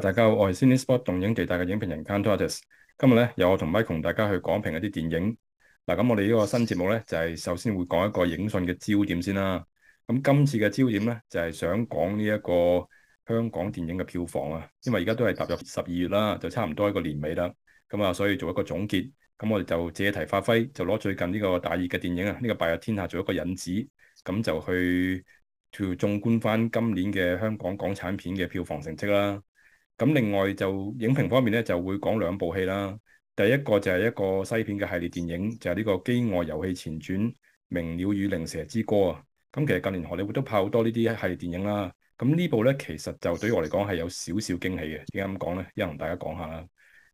大家好，我係 Cinespot 動映地帶嘅影評人 Kantorates。今日咧，由我同 Mike 同大家去講評一啲電影。嗱，咁我哋呢個新節目咧，就係、是、首先會講一個影訊嘅焦點先啦。咁今次嘅焦點咧，就係、是、想講呢一個香港電影嘅票房啊。因為而家都係踏入十二月啦，就差唔多一個年尾啦。咁啊，所以做一個總結。咁我哋就借題發揮，就攞最近呢個大熱嘅電影啊，呢、這個《白日之下》做一個引子，咁就去去縱觀翻今年嘅香港港產片嘅票房成績啦。咁另外就影評方面咧，就會講兩部戲啦。第一個就係一個西片嘅系列電影，就係呢個《飢餓遊戲前傳：鳴鳥與靈蛇之歌》啊。咁其實近年荷里活都拍好多呢啲系列電影啦。咁呢部咧，其實就對於我嚟講係有少少驚喜嘅。點解咁講咧？一同大家講下啦。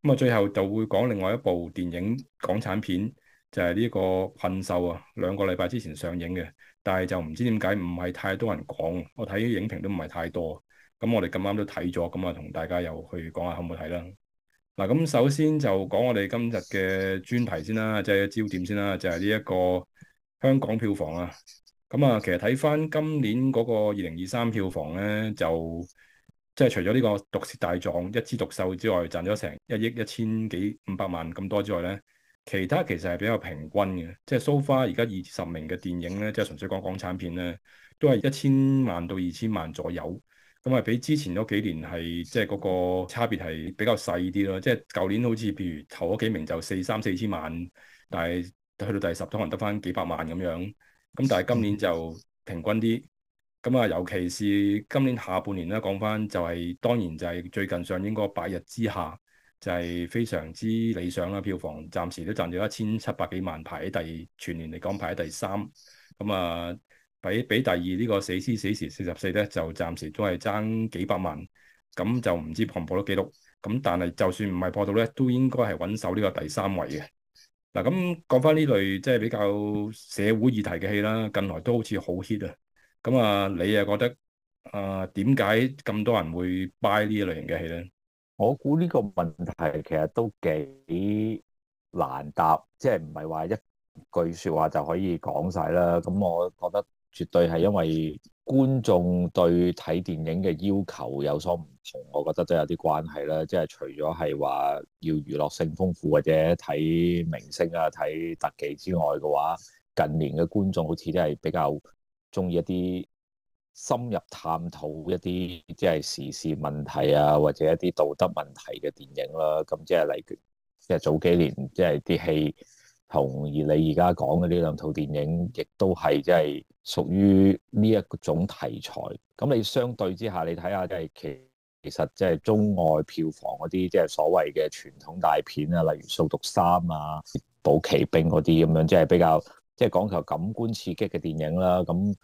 咁啊，最後就會講另外一部電影港產片，就係呢個《困獸》啊。兩個禮拜之前上映嘅，但係就唔知點解唔係太多人講。我睇啲影評都唔係太多。咁我哋咁啱都睇咗，咁啊同大家又去講下好唔好睇啦？嗱，咁首先就講我哋今日嘅專題先啦，即係焦點先啦，就係呢一個香港票房啊。咁啊，其實睇翻今年嗰個二零二三票房咧，就即係、就是、除咗呢個《毒舌大狀》一枝獨秀之外，賺咗成一億一千幾五百萬咁多之外咧，其他其實係比較平均嘅。即、就、係、是、so far 而家二十名嘅電影咧，即係純粹講港產片咧，都係一千萬到二千萬左右。咁啊，比之前嗰幾年係即係嗰個差別係比較細啲咯。即係舊年好似譬如頭嗰幾名就四三四千萬，但係去到第十可能得返幾百萬咁樣。咁但係今年就平均啲。咁啊，尤其是今年下半年咧，講返就係當然就係最近上映嗰白日之下就係非常之理想啦。票房暫時都賺咗一千七百幾萬，排喺第二，全年嚟講排喺第三。咁啊～俾俾第二呢個死屍死時四十四咧，就暫時都係爭幾百萬咁，就唔知破唔破得記錄咁。但係就算唔係破到咧，都應該係穩守呢個第三位嘅嗱。咁講翻呢類即係比較社會議題嘅戲啦，近來都好似好 hit 啊。咁啊，你又覺得啊點解咁多人會 buy 呢一類型嘅戲咧？我估呢個問題其實都幾難答，即係唔係話一句説話就可以講晒啦。咁我覺得。絕對係因為觀眾對睇電影嘅要求有所唔同，我覺得都有啲關係啦。即係除咗係話要娛樂性豐富或者睇明星啊、睇特技之外嘅話，近年嘅觀眾好似都係比較鍾意一啲深入探討一啲即係時事問題啊，或者一啲道德問題嘅電影啦。咁即係例如，即係早幾年即係啲戲。同而你而家講嘅呢兩套電影，亦都係即係屬於呢一種題材。咁你相對之下，你睇下即係其實即係中外票房嗰啲即係所謂嘅傳統大片啊，例如《掃毒三》啊、《奪寶奇兵》嗰啲咁樣，即係比較即係講求感官刺激嘅電影啦。咁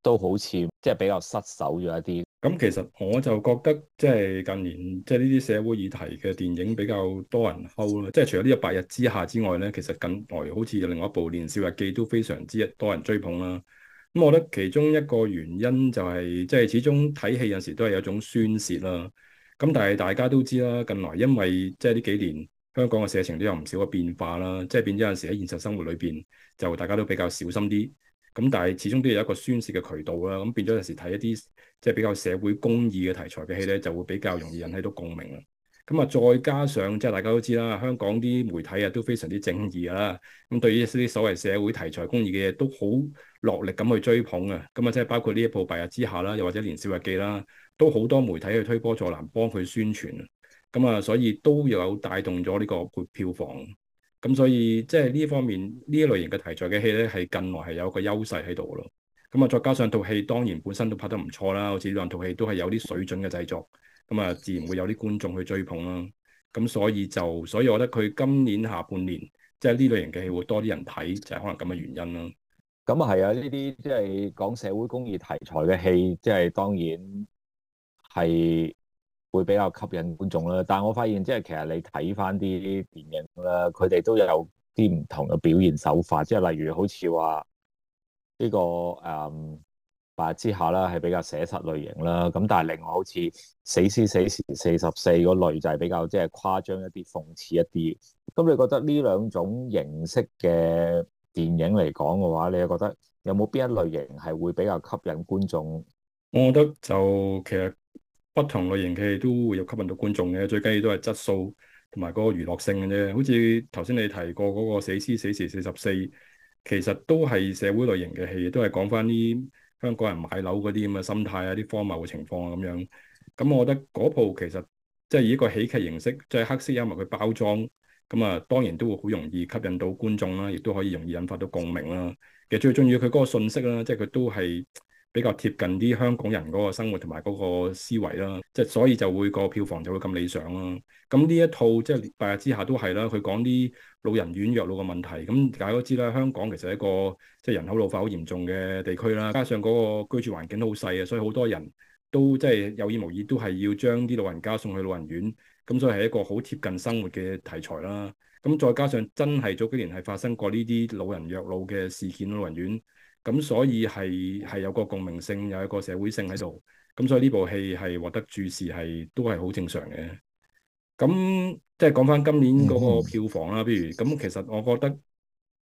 都好似即係比較失守咗一啲。咁其實我就覺得，即係近年即係呢啲社會議題嘅電影比較多人 hold 啦，即係除咗呢個《白日之下》之外咧，其實近來好似有另外一部《年少日記》都非常之多人追捧啦。咁我覺得其中一個原因就係即係始終睇戲有時都係有一種宣泄啦。咁但係大家都知啦，近來因為即係呢幾年香港嘅社情都有唔少嘅變化啦，即係變咗有時喺現實生活裏邊就大家都比較小心啲。咁但係始終都有一個宣泄嘅渠道啦，咁變咗有時睇一啲即係比較社會公義嘅題材嘅戲咧，就會比較容易引起到共鳴啦。咁啊，再加上即係大家都知啦，香港啲媒體啊都非常之正義啦，咁對於啲所謂社會題材公義嘅嘢都好落力咁去追捧啊。咁啊即係包括呢一部《白日之下》啦，又或者《年少日記》啦，都好多媒體去推波助瀾，幫佢宣傳，咁啊，所以都有帶動咗呢個票房。咁所以即係呢方面呢一類型嘅題材嘅戲咧，係近來係有一個優勢喺度咯。咁啊，再加上套戲當然本身都拍得唔錯啦，好似呢兩套戲都係有啲水準嘅製作，咁啊，自然會有啲觀眾去追捧啦。咁所以就，所以我覺得佢今年下半年即係呢類型嘅戲會多啲人睇，就係、是、可能咁嘅原因啦。咁啊係啊，呢啲即係講社會公義題材嘅戲，即、就、係、是、當然係。會比較吸引觀眾啦，但係我發現即係其實你睇翻啲電影啦，佢哋都有啲唔同嘅表現手法，即係例如好似話呢個誒、嗯、白日之下啦係比較寫實類型啦，咁但係另外好似死屍死時四十四,十四嗰類就係比較即係誇張一啲、諷刺一啲。咁你覺得呢兩種形式嘅電影嚟講嘅話，你又覺得有冇邊一類型係會比較吸引觀眾？我覺得就其實。不同類型嘅戲都會有吸引到觀眾嘅，最緊要都係質素同埋嗰個娛樂性嘅啫。好似頭先你提過嗰個《死屍死時四十四》，其實都係社會類型嘅戲，都係講翻啲香港人買樓嗰啲咁嘅心態啊、啲荒謬嘅情況啊咁樣。咁我覺得嗰部其實即係以一個喜劇形式，即係黑色幽默嘅包裝，咁啊當然都會好容易吸引到觀眾啦，亦都可以容易引發到共鳴啦。其實最重要佢嗰個訊息啦，即係佢都係。比較貼近啲香港人嗰個生活同埋嗰個思維啦，即係所以就會個票房就會咁理想啦。咁呢一套即係《白日之下》都係啦，佢講啲老人院虐老嘅問題。咁大家都知啦，香港其實一個即係人口老化好嚴重嘅地區啦，加上嗰個居住環境都好細啊，所以好多人都即係有意無意都係要將啲老人家送去老人院。咁所以係一個好貼近生活嘅題材啦。咁再加上真係早幾年係發生過呢啲老人虐老嘅事件，老人院。咁所以係係有個共鳴性，有一個社會性喺度，咁所以呢部戲係獲得注視係都係好正常嘅。咁即係講翻今年嗰個票房啦，譬如咁，其實我覺得，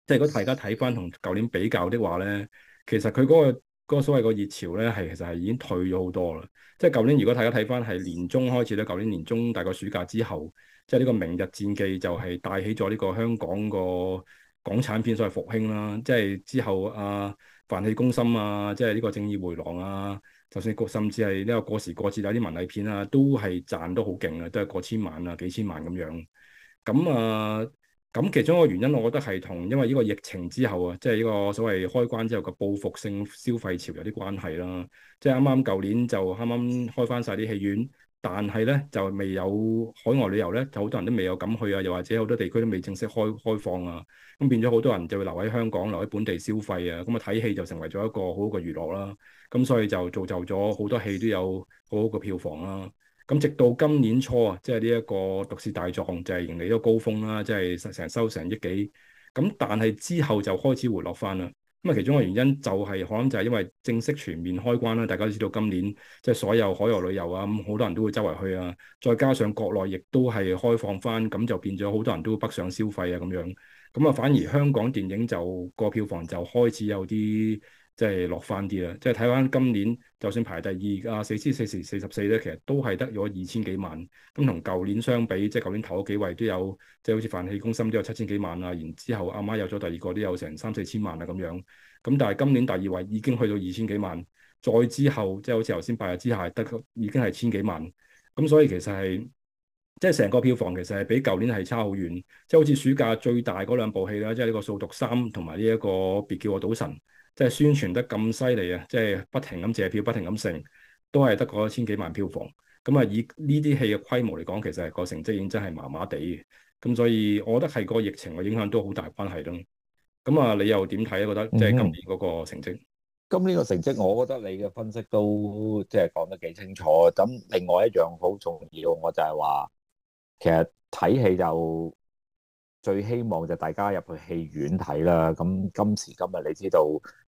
即係如果大家睇翻同舊年比較的話咧，其實佢嗰個嗰個所謂個熱潮咧，係其實係已經退咗好多啦。即係舊年如果大家睇翻係年中開始咧，舊年年中大概暑假之後，即係呢個《明日戰記》就係帶起咗呢個香港個。港產片所謂復興啦，即係之後啊，飯氣攻心啊，即係呢個正義回廊啊，就算過甚至係呢個過時過節有啲文藝片啊，都係賺都好勁啊，都係過千萬啊，幾千萬咁樣。咁啊，咁其中一個原因，我覺得係同因為呢個疫情之後啊，即係呢個所謂開關之後嘅報復性消費潮有啲關係啦、啊。即係啱啱舊年就啱啱開翻晒啲戲院。但係呢就未有海外旅遊咧，就好多人都未有敢去啊，又或者好多地區都未正式開開放啊，咁變咗好多人就會留喺香港，留喺本地消費啊，咁啊睇戲就成為咗一個好好嘅娛樂啦、啊，咁所以就造就咗好多戲都有好好嘅票房啦、啊，咁直到今年初、就是、啊，即係呢一個毒舌大狀就係迎嚟咗高峰啦，即係成收成億幾，咁但係之後就開始回落返啦。咁其中個原因就係，是，可能就係因為正式全面開關啦，大家都知道今年即係，就是，所有海外旅遊啊，咁好多人都會周圍去啊，再加上國內亦都係開放翻，咁就變咗好多人都北上消費啊，咁樣，咁啊反而香港電影就個票房就開始有啲。即係落翻啲啦，即係睇翻今年就算排第二啊，四千四時四十四咧，其實都係得咗二千幾萬。咁同舊年相比，即係舊年頭幾位都有，即係好似《飯戲攻心》都有七千幾萬啊。然之後阿媽有咗第二個都有成三四千萬啊咁樣。咁但係今年第二位已經去到二千幾萬，再之後即係好似頭先白日之下得，已經係千幾萬。咁所以其實係即係成個票房其實係比舊年係差好遠。即係好似暑假最大嗰兩部戲啦，即係呢個《掃毒三》同埋呢一個《別叫我賭神》。即係宣傳得咁犀利啊！即係不停咁借票，不停咁剩，都係得嗰千幾萬票房。咁、嗯、啊，以呢啲戲嘅規模嚟講，其實係個成績已經真係麻麻地嘅。咁、嗯、所以，我覺得係個疫情嘅影響都好大關係咯。咁、嗯、啊，你又點睇啊？覺得即係今年嗰個成績？咁呢、嗯、個成績，我覺得你嘅分析都即係、就是、講得幾清楚。咁另外一樣好重要，我就係話，其實睇戲就最希望就大家入去戲院睇啦。咁今時今日，你知道？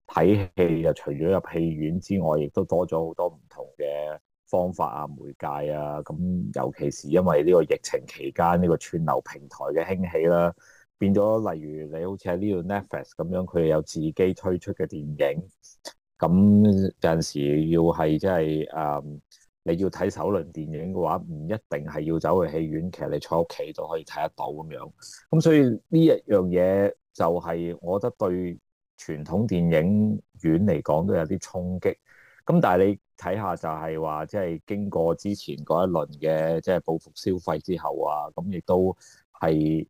睇戲就除咗入戲院之外，亦都多咗好多唔同嘅方法啊、媒介啊。咁尤其是因為呢個疫情期間，呢個串流平台嘅興起啦，變咗例如你好似喺呢度 Netflix 咁樣，佢哋有自己推出嘅電影。咁有陣時要係即係誒，um, 你要睇首輪電影嘅話，唔一定係要走去戲院，其實你坐屋企都可以睇得到咁樣。咁所以呢一樣嘢就係我覺得對傳統電影院嚟講都有啲衝擊，咁但係你睇下就係話即係經過之前嗰一輪嘅即係報復消費之後啊，咁亦都係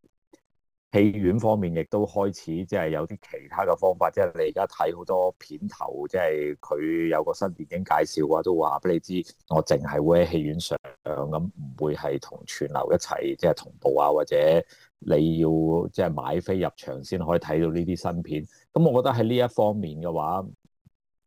戲院方面亦都開始即係有啲其他嘅方法，即係你而家睇好多片頭，即係佢有個新電影介紹嘅話，都話俾你知，我淨係會喺戲院上，咁唔會係同串流一齊即係同步啊，或者你要即係買飛入場先可以睇到呢啲新片。咁我覺得喺呢一方面嘅話，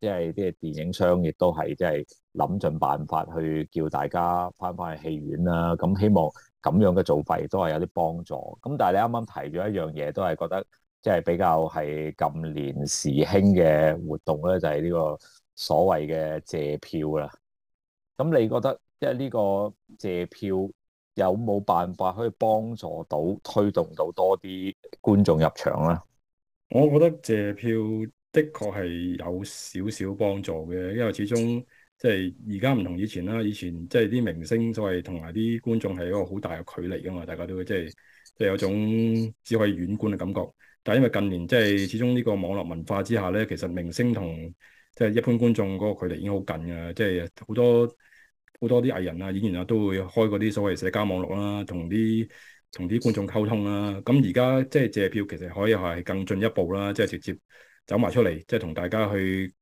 即係啲電影商亦都係即係諗盡辦法去叫大家翻返去戲院啦。咁希望咁樣嘅做法亦都係有啲幫助。咁但係你啱啱提咗一樣嘢，都係覺得即係比較係近年時興嘅活動咧，就係呢個所謂嘅借票啦。咁你覺得即係呢個借票有冇辦法可以幫助到推動到多啲觀眾入場咧？我覺得謝票的確係有少少幫助嘅，因為始終即係而家唔同以前啦。以前即係啲明星所謂同埋啲觀眾係一個好大嘅距離噶嘛，大家都即係即係有種只可以遠觀嘅感覺。但係因為近年即係始終呢個網絡文化之下咧，其實明星同即係一般觀眾嗰個距離已經好近噶，即係好多好多啲藝人啊、演員啊都會開嗰啲所謂社交網絡啦、啊，同啲。同啲觀眾溝通啦、啊，咁而家即係借票，其實可以係更進一步啦，即係直接走埋出嚟，即係同大家去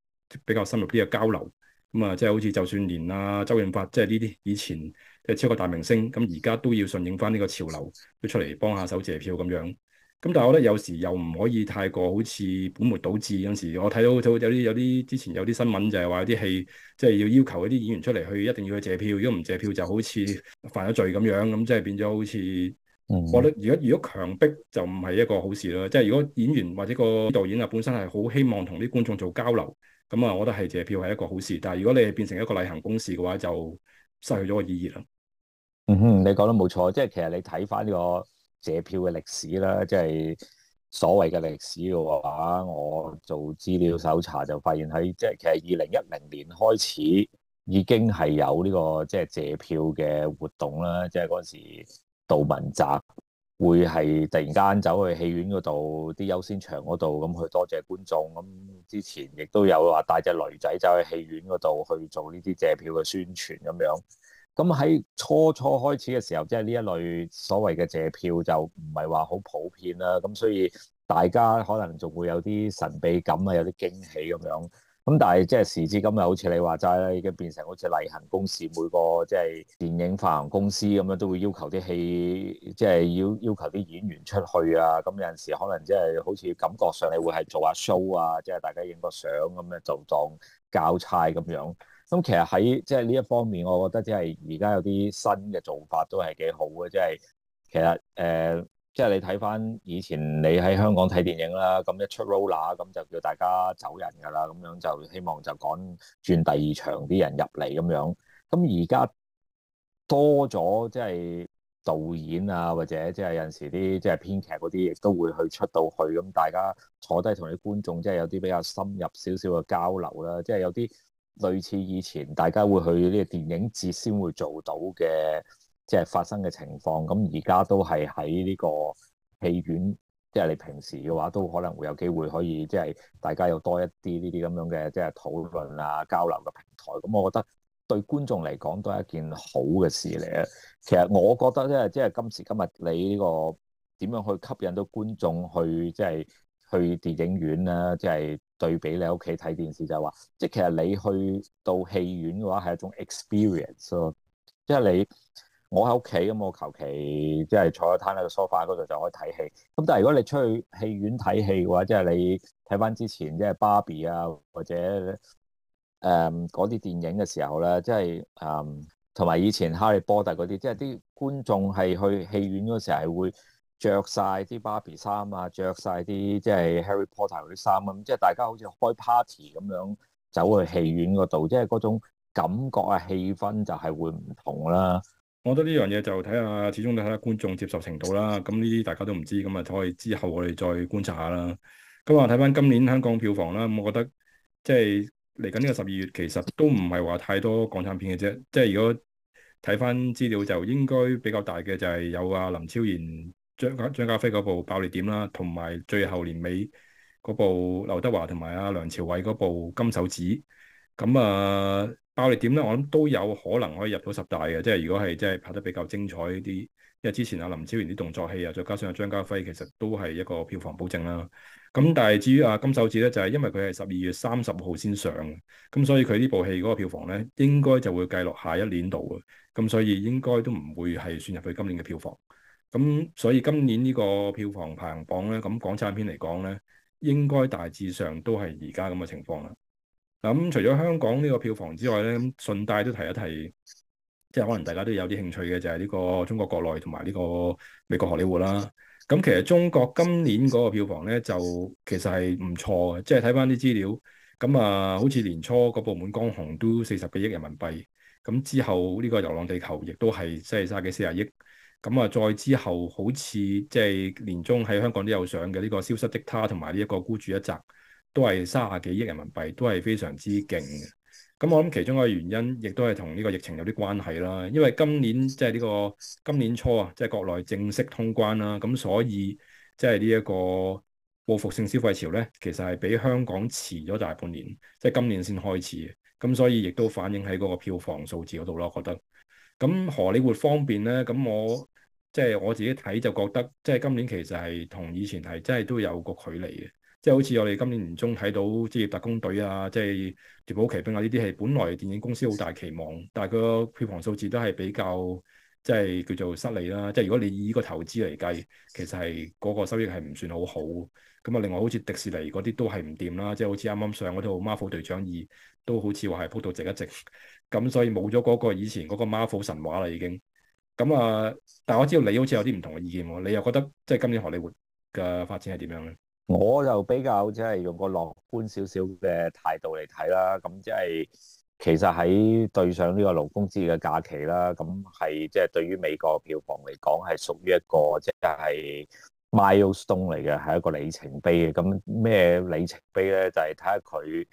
比較深入啲嘅交流。咁啊，即係好似就算連啊周潤發，即係呢啲以前即係超級大明星，咁而家都要順應翻呢個潮流，都出嚟幫下手借票咁樣。咁但係我覺得有時又唔可以太過好似本末倒置。有陣時我睇到有啲有啲之前有啲新聞就係話有啲戲即係要要求嗰啲演員出嚟去一定要去借票，如果唔借票就好似犯咗罪咁樣，咁即係變咗好似。我覺得如果如果強迫就唔係一個好事啦，即係如果演員或者個導演啊本身係好希望同啲觀眾做交流，咁啊，我覺得係借票係一個好事。但係如果你係變成一個例行公事嘅話，就失去咗個意義啦。嗯哼，你講得冇錯，即係其實你睇翻呢個借票嘅歷史啦，即係所謂嘅歷史嘅話，我做資料搜查就發現喺即係其實二零一零年開始已經係有呢個即係借票嘅活動啦，即係嗰時。杜汶澤會係突然間走去戲院嗰度，啲優先場嗰度咁去多謝觀眾。咁之前亦都有話帶隻女仔走去戲院嗰度去做呢啲借票嘅宣傳咁樣。咁喺初初開始嘅時候，即係呢一類所謂嘅借票就唔係話好普遍啦。咁所以大家可能仲會有啲神秘感啊，有啲驚喜咁樣。咁但係即係時至今日，好似你話齋咧，已經變成好似例行公事，每個即係電影發行公司咁樣都會要求啲戲，即係要要求啲演員出去啊。咁有陣時可能即係好似感覺上你會係做下 show 啊，即係大家影個相咁樣就當交差咁樣。咁其實喺即係呢一方面，我覺得即係而家有啲新嘅做法都係幾好嘅，即係其實誒。呃即係你睇翻以前你喺香港睇電影啦，咁一出 roller 咁就叫大家走人㗎啦，咁樣就希望就趕轉第二場啲人入嚟咁樣。咁而家多咗即係導演啊，或者即係有陣時啲即係編劇嗰啲亦都會去出到去，咁大家坐低同啲觀眾即係有啲比較深入少少嘅交流啦。即係有啲類似以前大家會去呢個電影節先會做到嘅。即係發生嘅情況，咁而家都係喺呢個戲院，即係你平時嘅話都可能會有機會可以，即係大家有多一啲呢啲咁樣嘅即係討論啊、交流嘅平台。咁我覺得對觀眾嚟講都係一件好嘅事嚟啊。其實我覺得咧，即係今時今日你呢個點樣去吸引到觀眾去，即係去電影院咧，即係對比你屋企睇電視就係話，即係其實你去到戲院嘅話係一種 experience 咯，即係你。我喺屋企咁，我求其即係坐咗攤喺個 sofa 嗰度就可以睇戲。咁但係如果你出去戲院睇戲嘅話，即係你睇翻之前即係芭比 r 啊或者誒嗰啲電影嘅時候咧，即係誒同埋以前哈利波特嗰啲，即係啲觀眾係去戲院嗰時係會着晒啲芭比衫啊，着晒啲即係 Harry Potter 嗰啲衫啊，咁即係大家好似開 party 咁樣走去戲院嗰度，即係嗰種感覺啊氣氛就係會唔同啦。我覺得呢樣嘢就睇下，始終都睇下觀眾接受程度啦。咁呢啲大家都唔知，咁、嗯、啊，可以之後我哋再觀察下啦。咁、嗯、啊，睇翻今年香港票房啦，咁、嗯、我覺得即係嚟緊呢個十二月，其實都唔係話太多港產片嘅啫。即係如果睇翻資料，就應該比較大嘅就係有阿、啊、林超賢、張張家輝嗰部《爆裂點》啦，同埋最後年尾嗰部劉德華同埋阿梁朝偉嗰部《金手指》嗯。咁啊～爆裂點咧，我諗都有可能可以入到十大嘅，即係如果係即係拍得比較精彩啲，因為之前阿林超賢啲動作戲啊，再加上張家輝，其實都係一個票房保證啦。咁但係至於阿金手指咧，就係因為佢係十二月三十號先上，咁所以佢呢部戲嗰個票房咧，應該就會計落下一年度嘅，咁所以應該都唔會係算入去今年嘅票房。咁所以今年呢個票房排行榜咧，咁港產片嚟講咧，應該大致上都係而家咁嘅情況啦。咁、嗯、除咗香港呢個票房之外咧、嗯，順帶都提一提，即係可能大家都有啲興趣嘅就係、是、呢個中國國內同埋呢個美國荷里活啦。咁、嗯、其實中國今年嗰個票房咧，就其實係唔錯嘅，即係睇翻啲資料，咁、嗯、啊，好似年初嗰部《滿江紅》都四十幾億人民幣，咁、嗯、之後呢個《流浪地球幾幾》亦都係即係三十幾四十億，咁、嗯、啊再之後好似即係年中喺香港都有上嘅呢、這個《消失的他》同埋呢一個《孤注一擲》。都係三十幾億人民幣，都係非常之勁嘅。咁我諗其中一個原因，亦都係同呢個疫情有啲關係啦。因為今年即係呢個今年初啊，即係國內正式通關啦，咁所以即係呢一個報復性消費潮咧，其實係比香港遲咗大半年，即係今年先開始嘅。咁所以亦都反映喺嗰個票房數字嗰度咯。我覺得咁荷里活方面咧，咁我即係我自己睇就覺得，即係今年其實係同以前係真係都有個距離嘅。即係好似我哋今年年中睇到《職業特工隊》啊，即《即係奪寶奇兵啊》啊，呢啲係本來電影公司好大期望，但係個票房數字都係比較即係叫做失利啦。即係如果你以個投資嚟計，其實係嗰、嗰個收益係唔算好好。咁啊，另外好似迪士尼嗰啲都係唔掂啦。即係好似啱啱上嗰套《Marvel 隊長二》，都好似話係撲到直一直。咁所以冇咗嗰個以前嗰個 Marvel 神話啦，已經。咁啊，但我知道你好似有啲唔同嘅意見，你又覺得即係今年荷里活嘅發展係點樣咧？我就比較即係用個樂觀少少嘅態度嚟睇啦。咁即係其實喺對上呢個勞工節嘅假期啦，咁係即係對於美國票房嚟講係屬於一個即係 milestone 嚟嘅，係一個里程碑嘅。咁咩里程碑咧？就係睇下佢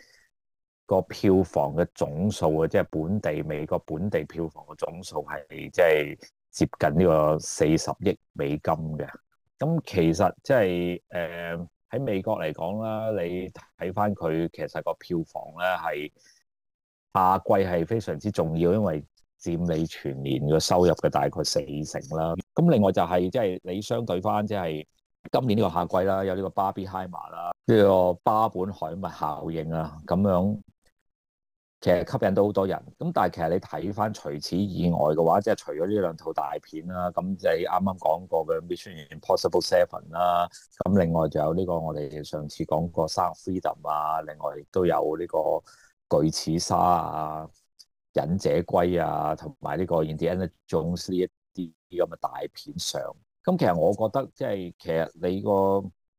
個票房嘅總數啊，即係本地美國本地票房嘅總數係即係接近呢個四十億美金嘅。咁其實即係誒。呃喺美國嚟講啦，你睇翻佢其實個票房咧，係夏季係非常之重要，因為佔你全年嘅收入嘅大概四成啦。咁另外就係、是、即係你相對翻即係今年呢個夏季啦，有呢個芭比海默啦，呢個巴本海默效應啊咁樣。其實吸引到好多人，咁但係其實你睇翻除此以外嘅話，即係除咗呢兩套大片啦，咁即係啱啱講過嘅 Mission Impossible Seven 啦，咁另外仲有呢個我哋上次講過生 Freedom 啊，另外亦都有呢個巨齒鯊啊、忍者龜啊，同埋呢個 Indiana Jones 呢一啲咁嘅大片上，咁其實我覺得即係其實你個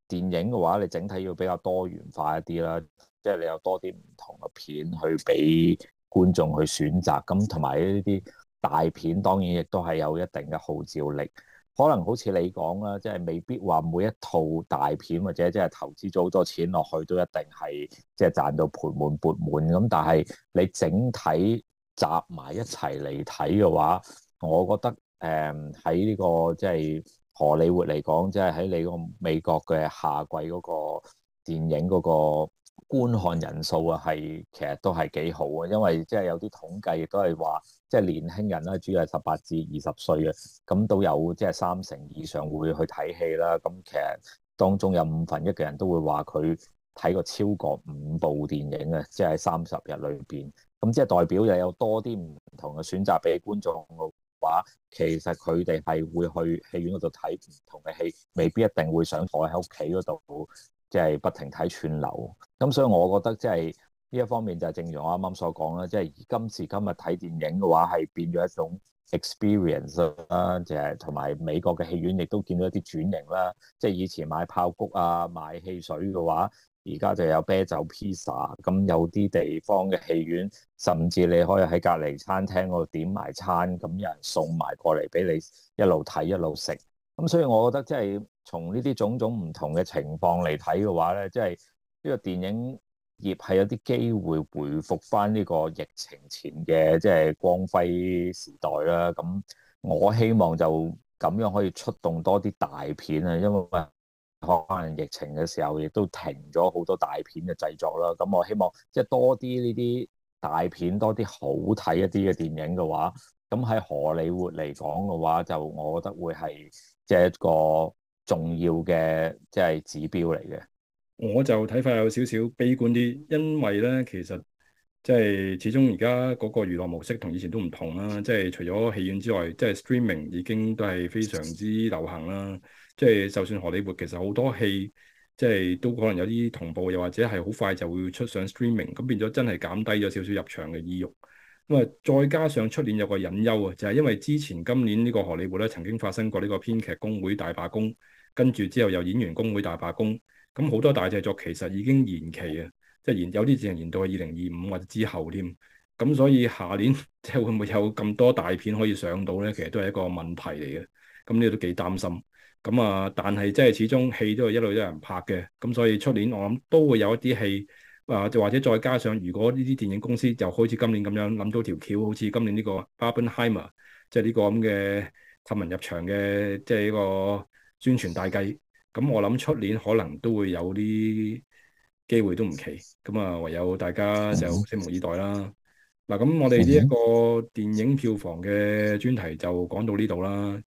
電影嘅話，你整體要比較多元化一啲啦。即係你有多啲唔同嘅片去俾觀眾去選擇，咁同埋呢啲大片當然亦都係有一定嘅號召力。可能好似你講啦，即係未必話每一套大片或者即係投資咗好多錢落去都一定係即係賺到盆滿缽滿咁。但係你整體集埋一齊嚟睇嘅話，我覺得誒喺呢個即係荷里活嚟講，即係喺你個美國嘅夏季嗰個電影嗰個，觀看人數啊，係其實都係幾好啊，因為即係有啲統計亦都係話，即係年輕人啦，主要係十八至二十歲嘅，咁都有即係三成以上會去睇戲啦。咁其實當中有五分一嘅人都會話佢睇過超過五部電影嘅，即係三十日裏邊。咁即係代表又有多啲唔同嘅選擇俾觀眾嘅話，其實佢哋係會去戲院嗰度睇唔同嘅戲，未必一定會想坐喺屋企嗰度。即係不停睇串流，咁所以我覺得即係呢一方面就係正如我啱啱所講啦，即係今時今日睇電影嘅話係變咗一種 experience 啦，就係同埋美國嘅戲院亦都見到一啲轉型啦。即係以前買爆谷啊、買汽水嘅話，而家就有啤酒、pizza，咁有啲地方嘅戲院甚至你可以喺隔離餐廳嗰度點埋餐，咁有人送埋過嚟俾你，一路睇一路食。咁所以，我覺得即係從呢啲種種唔同嘅情況嚟睇嘅話咧，即係呢個電影業係有啲機會回復翻呢個疫情前嘅即係光輝時代啦。咁我希望就咁樣可以出動多啲大片啊，因為話，可能疫情嘅時候亦都停咗好多大片嘅製作啦。咁我希望即係多啲呢啲大片，多啲好睇一啲嘅電影嘅話，咁喺荷里活嚟講嘅話，就我覺得會係。即係一個重要嘅即係指標嚟嘅，我就睇法有少少悲觀啲，因為咧其實即係始終而家嗰個娛樂模式同以前都唔同啦，即係除咗戲院之外，即係 streaming 已經都係非常之流行啦。即係就算荷里活其實好多戲即係都可能有啲同步，又或者係好快就會出上 streaming，咁變咗真係減低咗少少入場嘅意欲。咁啊，再加上出年有個隱憂啊，就係因為之前今年呢個荷里活咧曾經發生過呢個編劇工會大罷工，跟住之後又演員工會大罷工，咁好多大製作其實已經延期啊，即係延有啲甚至延到二零二五或者之後添。咁所以下年即係會唔會有咁多大片可以上到咧？其實都係一個問題嚟嘅。咁呢個都幾擔心。咁啊，但係即係始終戲都係一路有人拍嘅。咁所以出年我諗都會有一啲戲。啊，就或者再加上，如果呢啲電影公司就好似今年咁樣諗到條橋，好似今年呢個 Barbenheimer，即係呢個咁嘅親民入場嘅，即係呢個宣傳大計，咁我諗出年可能都會有啲機會都唔奇，咁啊唯有大家就拭目以待啦。嗱、mm，咁，hmm，啊，我哋呢一個電影票房嘅專題就講到呢度啦。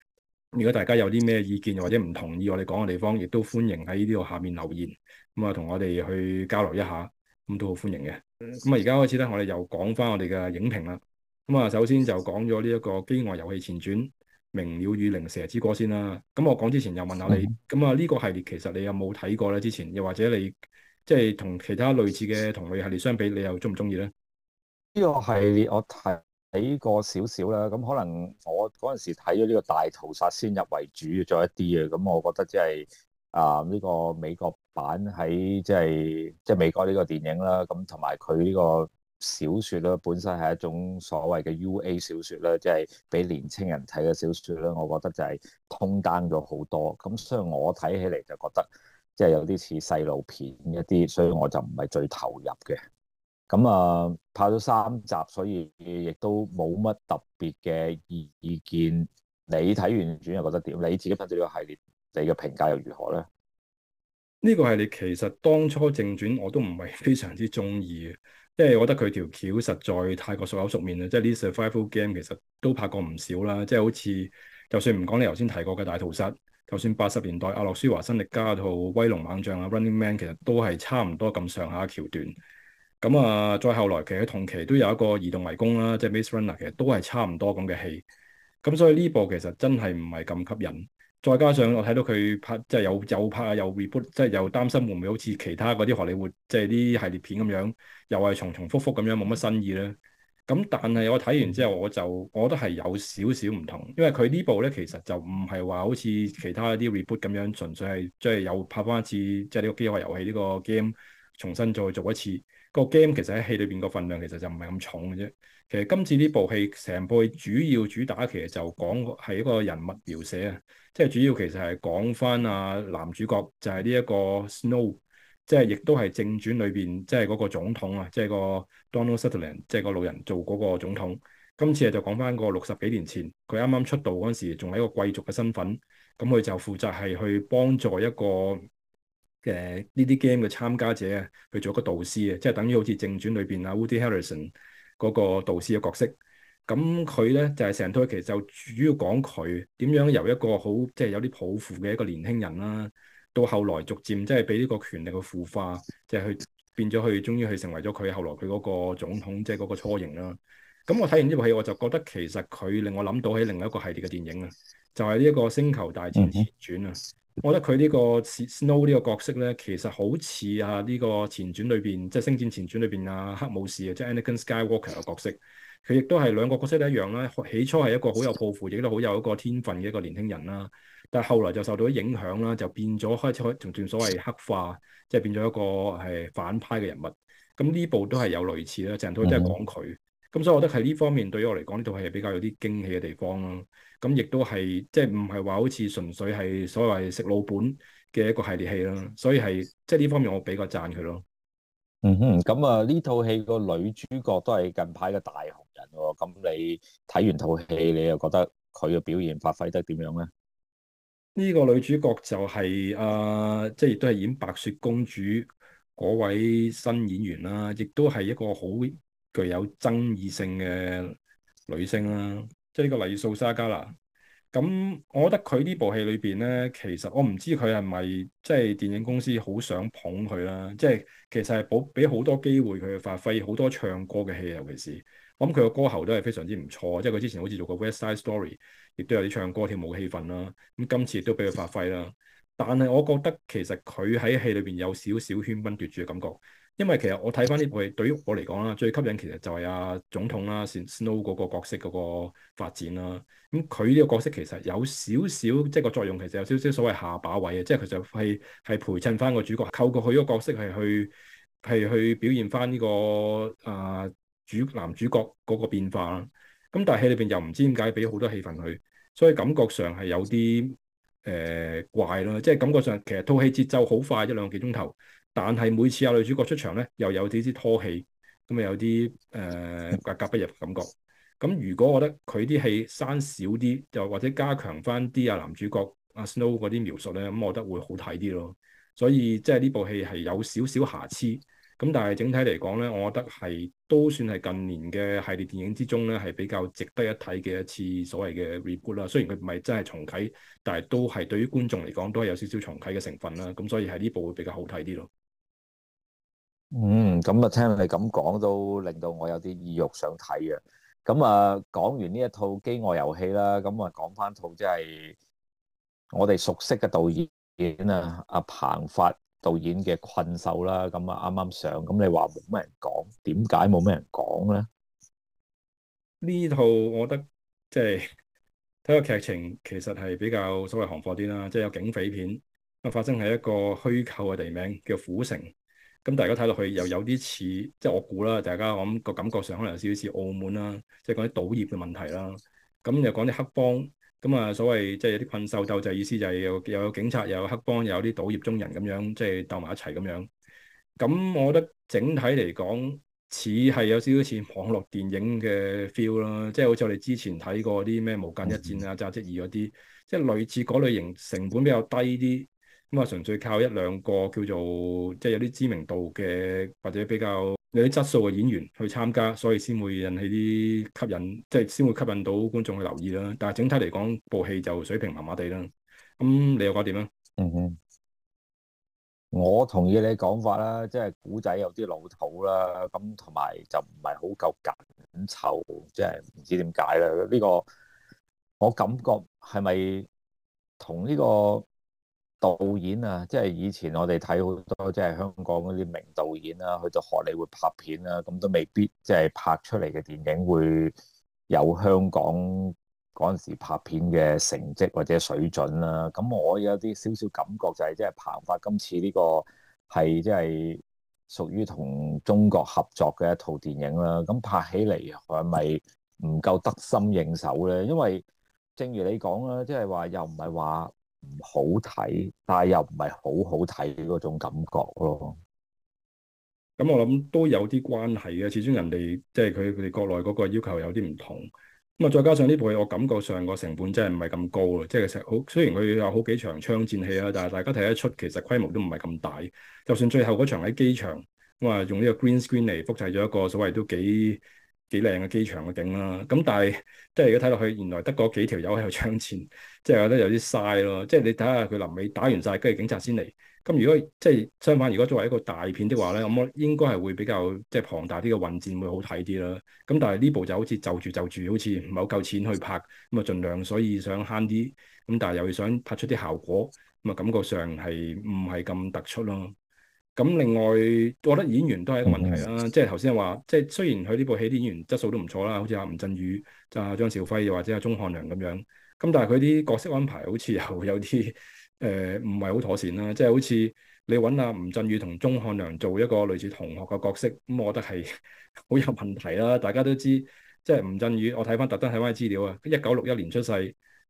如果大家有啲咩意見或者唔同意我哋講嘅地方，亦都歡迎喺呢度下面留言，咁啊同我哋去交流一下。咁都好歡迎嘅。咁啊，而家開始咧，我哋又講翻我哋嘅影評啦。咁啊，首先就講咗呢一個《飢餓遊戲前傳：鳴鳥與靈蛇之歌》先啦。咁我講之前又問下你，咁啊呢個系列其實你有冇睇過咧？之前又或者你即係同其他類似嘅同類系列相比，你又中唔中意咧？呢個系列我睇睇過少少啦。咁可能我嗰陣時睇咗呢個《大屠殺》先入為主要咗一啲嘅。咁我覺得即係啊呢個美國版喺即係即係美國呢個電影啦，咁同埋佢呢個小説啦，本身係一種所謂嘅 YA 小説啦，即係俾年青人睇嘅小説啦。我覺得就係通單咗好多，咁所以我睇起嚟就覺得即係、就是、有啲似細路片一啲，所以我就唔係最投入嘅。咁啊，拍咗三集，所以亦都冇乜特別嘅意見。你睇完轉又覺得點？你自己分析呢個系列，你嘅評價又如何咧？呢個係你其實當初正傳我都唔係非常之中意嘅，因為我覺得佢條橋實在太過熟口熟面啦。即係呢 survival game 其實都拍過唔少啦，即係好似就算唔講你頭先提過嘅大屠殺，就算八十年代阿諾舒華辛力加嗰套威龍猛將啊 Running Man 其實都係差唔多咁上下橋段。咁啊，再後來其實同期都有一個移動迷宮啦，即係 Maze Runner 其實都係差唔多咁嘅戲。咁所以呢部其實真係唔係咁吸引。再加上我睇到佢拍即係又又拍又 reboot，即係又擔心會唔會好似其他嗰啲荷里活即係啲系列片咁樣，又係重重複複咁樣冇乜新意咧。咁但係我睇完之後，我就我覺得係有少少唔同，因為佢呢部咧其實就唔係話好似其他啲 reboot 咁樣，純粹係即係有拍翻一次即係呢個飢餓遊戲呢個 game。重新再做一次，個 game 其實喺戲裏邊個份量其實就唔係咁重嘅啫。其實今次呢部戲成部戲主要主打其實就講係一個人物描寫啊，即係主要其實係講翻啊男主角就係呢一個 Snow，即係亦都係正傳裏邊即係嗰個總統啊，即係個 Donald Sutherland，即係個老人做嗰個總統。今次就講翻個六十幾年前佢啱啱出道嗰陣時，仲係一個貴族嘅身份，咁佢就負責係去幫助一個。誒，呢啲 game 嘅參加者啊，去做一個導師啊，即係等於好似正傳裏邊啊 Woody Harrison 嗰個導師嘅角色。咁佢咧就係成套其實就主要講佢點樣由一個好即係有啲抱負嘅一個年輕人啦，啊，到後來逐漸即係俾呢個權力去腐化，即係去變咗去，終於去成為咗佢後來佢嗰個總統，即係嗰個雛形啦。咁我睇完呢部戲，我就覺得其實佢令我諗到喺另外一個系列嘅電影啊，就係呢一個星球大戰前，前傳啊。Mm hmm. 我覺得佢呢個 Snow 呢個角色咧，其實好似啊呢個前傳裏邊，即係《星戰前傳》裏邊啊黑武士啊，即係 Anakin Skywalker 嘅角色，佢亦都係兩個角色都一樣啦。起初係一個好有抱負，亦都好有一個天分嘅一個年輕人啦。但係後來就受到影響啦，就變咗開始，可從斷所謂黑化，即係變咗一個係反派嘅人物。咁呢部都係有類似啦，成套都係講佢。咁、嗯、所以我覺得喺呢方面對於我嚟講，呢度係比較有啲驚喜嘅地方咯。咁亦都係即係唔係話好似純粹係所謂食老本嘅一個系列戲啦，所以係即係呢方面我比較讚佢咯。嗯哼，咁啊呢套戲個女主角都係近排嘅大紅人喎、哦。咁你睇完套戲，你又覺得佢嘅表現發揮得點樣咧？呢個女主角就係、是、啊，即亦都係演白雪公主嗰位新演員啦、啊，亦都係一個好具有爭議性嘅女星啦、啊。即係呢個麗素莎嘉娜啦，咁我覺得佢呢部戲裏邊咧，其實我唔知佢係咪即係電影公司好想捧佢啦。即係其實係保俾好多機會佢去發揮，好多唱歌嘅戲，尤其是我諗佢個歌喉都係非常之唔錯。即係佢之前好似做過《West Side Story》，亦都有啲唱歌跳舞嘅戲份啦。咁今次亦都俾佢發揮啦。但係我覺得其實佢喺戲裏邊有少少喧賓奪主嘅感覺。因為其實我睇翻呢部戲，對於我嚟講啦，最吸引其實就係阿、啊、總統啦、啊、Snow 嗰個角色嗰個發展啦、啊。咁佢呢個角色其實有少少，即係個作用其實有少少所謂下把位啊，即係其實係係陪襯翻個主角，透過佢呢個角色係去係去表現翻呢、這個啊主男主角嗰個變化。咁、嗯、但係戲裏邊又唔知點解俾好多戲份佢，所以感覺上係有啲誒、呃、怪咯。即係感覺上其實套戲節奏好快，一兩個幾鐘頭。但係每次啊女主角出場咧，又有啲啲拖戲，咁啊有啲誒、呃、格格不入嘅感覺。咁、嗯、如果我覺得佢啲戲刪少啲，又或者加強翻啲啊男主角阿、啊、Snow 嗰啲描述咧，咁、嗯、我覺得會好睇啲咯。所以即係呢部戲係有少少瑕疵，咁、嗯、但係整體嚟講咧，我覺得係都算係近年嘅系列電影之中咧，係比較值得一睇嘅一次所謂嘅 reboot 啦。雖然佢唔係真係重啟，但係都係對於觀眾嚟講都係有少少重啟嘅成分啦。咁、嗯、所以係呢部會比較好睇啲咯。嗯，咁啊，聽你咁講，都令到我有啲意欲想睇啊。咁啊，講完呢一套《飢餓遊戲》啦，咁啊，講翻套即係我哋熟悉嘅導演啊，阿彭發導演嘅《困獸》啦，咁啊，啱啱上，咁你話冇咩人講？點解冇咩人講咧？呢套我覺得即係睇個劇情，其實係比較所謂行貨啲啦，即係有警匪片，咁啊，發生喺一個虛構嘅地名叫虎城。咁大家睇落去又有啲似，即係我估啦，大家我諗個感覺上可能有少少似澳門啦，即係講啲賭業嘅問題啦。咁又講啲黑幫，咁啊，所謂即係有啲困獸鬥，就意思就係有又有警察又有黑幫又有啲賭業中人咁樣，即係鬥埋一齊咁樣。咁我覺得整體嚟講，似係有少少似網絡電影嘅 feel 啦，即係好似我哋之前睇過啲咩無間一戰啊、紮職二嗰啲，嗯、即係類似嗰類型，成本比較低啲。咁啊，我純粹靠一兩個叫做即係、就是、有啲知名度嘅，或者比較有啲質素嘅演員去參加，所以先會引起啲吸引，即係先會吸引到觀眾去留意啦。但係整體嚟講，部戲就水平麻麻地啦。咁你又覺得點呢？嗯哼，我同意你嘅講法啦，即係古仔有啲老土啦，咁同埋就唔係好夠緊湊，即係唔知點解啦。呢個我感覺係咪同呢個？導演啊，即係以前我哋睇好多，即係香港嗰啲名導演啦、啊，去到荷里活拍片啦、啊，咁都未必即係拍出嚟嘅電影會有香港嗰陣時拍片嘅成績或者水準啦、啊。咁我有啲少少感覺就係，即係彭發今次呢個係即係屬於同中國合作嘅一套電影啦、啊。咁拍起嚟係咪唔夠得心應手咧？因為正如你講啦，即係話又唔係話。唔好睇，但係又唔係好好睇嗰種感覺咯。咁我諗都有啲關係嘅，始終人哋即係佢佢哋國內嗰個要求有啲唔同。咁啊，再加上呢部戲，我感覺上個成本真係唔係咁高咯。即係其實好，雖然佢有好幾場槍戰戲啦，但係大家睇得出其實規模都唔係咁大。就算最後嗰場喺機場，咁啊用呢個 green screen 嚟複製咗一個所謂都幾。幾靚嘅機場嘅景啦，咁但係即係而家睇落去，原來得嗰幾條友喺度槍戰，即係覺得有啲嘥咯。即係你睇下佢臨尾打完晒，跟住警察先嚟。咁如果即係相反，如果作為一個大片的話咧，咁我應該係會比較即係龐大啲嘅混戰會好睇啲啦。咁但係呢部就好似就住就住，好似唔係好夠錢去拍，咁啊儘量所以想慳啲，咁但係又要想拍出啲效果，咁啊感覺上係唔係咁突出咯。咁另外，我覺得演員都係一個問題啦、嗯。即係頭先話，即係雖然佢呢部戲啲演員質素都唔錯啦，好似阿吳鎮宇、就阿張兆輝又或者阿鐘漢良咁樣。咁但係佢啲角色安排好似又有啲誒唔係好妥善啦。即係好似你揾阿吳鎮宇同鐘漢良做一個類似同學嘅角色，咁、嗯、我覺得係好有問題啦。大家都知，即係吳鎮宇，我睇翻特登睇翻啲資料啊，佢一九六一年出世，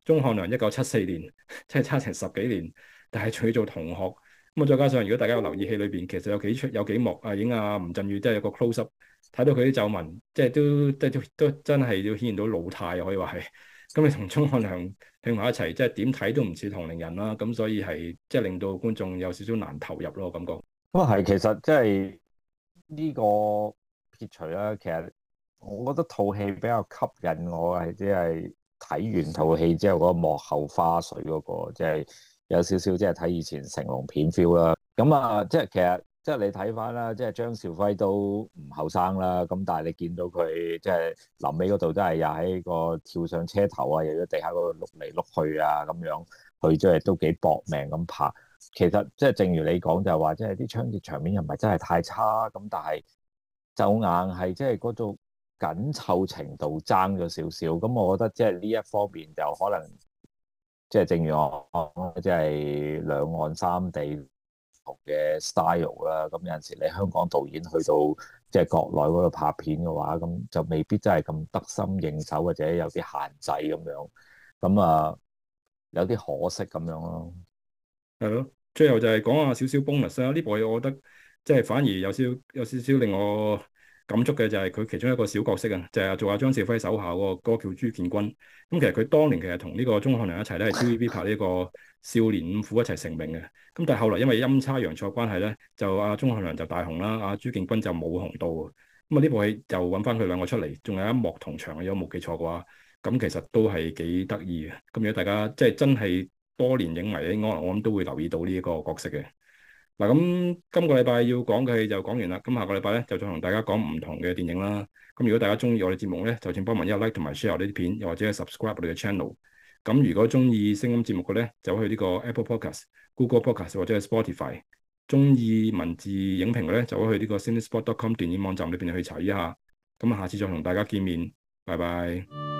鍾漢良一九七四年，即係差成十幾年。但係仲要做同學。咁再加上如果大家有留意戲裏邊，其實有幾出有幾幕啊，影啊吳鎮宇都係有個 close up，睇到佢啲皺紋，即係都都都真係要顯現到老態，可以話係。咁你同鍾漢良拼埋一齊，即係點睇都唔似同齡人啦。咁所以係即係令到觀眾有少少難投入咯，我感覺。咁啊係，其實即係呢個撇除啦、啊，其實我覺得套戲比較吸引我係即係睇完套戲之後嗰幕後花絮嗰個，即係。有少少即係睇以前成龍片 feel 啦，咁啊即係其實即係你睇翻啦，即係張兆輝都唔後生啦，咁但係你見到佢即係臨尾嗰度，真係又喺個跳上車頭啊，又喺地下嗰度碌嚟碌去啊，咁樣佢即係都幾搏命咁拍。其實即係、就是、正如你講，就係話即係啲槍擊場面又唔係真係太差，咁但係就硬係即係嗰種緊湊程度爭咗少少，咁我覺得即係呢一方面就可能。即係正如我即係、就是、兩岸三地同嘅 style 啦，咁有陣時你香港導演去到即係國內嗰度拍片嘅話，咁就未必真係咁得心應手，或者有啲限制咁樣，咁啊有啲可惜咁樣咯。係咯，最後就係講下少少 bonus 啦。呢部嘢我覺得即係反而有少有少少令我感觸嘅就係佢其中一個小角色啊，就係、是、做阿張兆輝手下嗰個哥叫朱建軍。咁其實佢當年其實同呢個鐘漢良一齊咧，係 TVB 拍呢個少年五虎一齊成名嘅。咁但係後來因為陰差陽錯關係咧，就阿、啊、鐘漢良就大紅啦，阿、啊、朱建軍就冇紅到。咁啊，呢部戲就揾翻佢兩個出嚟，仲有一幕同場嘅，如果冇記錯嘅話，咁其實都係幾得意嘅。咁如果大家即係、就是、真係多年影迷咧，可能我諗都會留意到呢一個角色嘅。嗱咁，今個禮拜要講嘅戲就講完啦。咁下個禮拜咧就再同大家講唔同嘅電影啦。咁如果大家中意我哋節目咧，就請幫忙一個 like 同埋 share 呢啲片，又或者係 subscribe 我哋嘅 channel。咁如果中意聲音節目嘅咧，就去呢個 Apple Podcast、Google Podcast 或者係 Spotify。中意文字影評嘅咧，就可以去呢個 Cinespot.com 電影網站裏邊去查一下。咁下次再同大家見面。拜拜。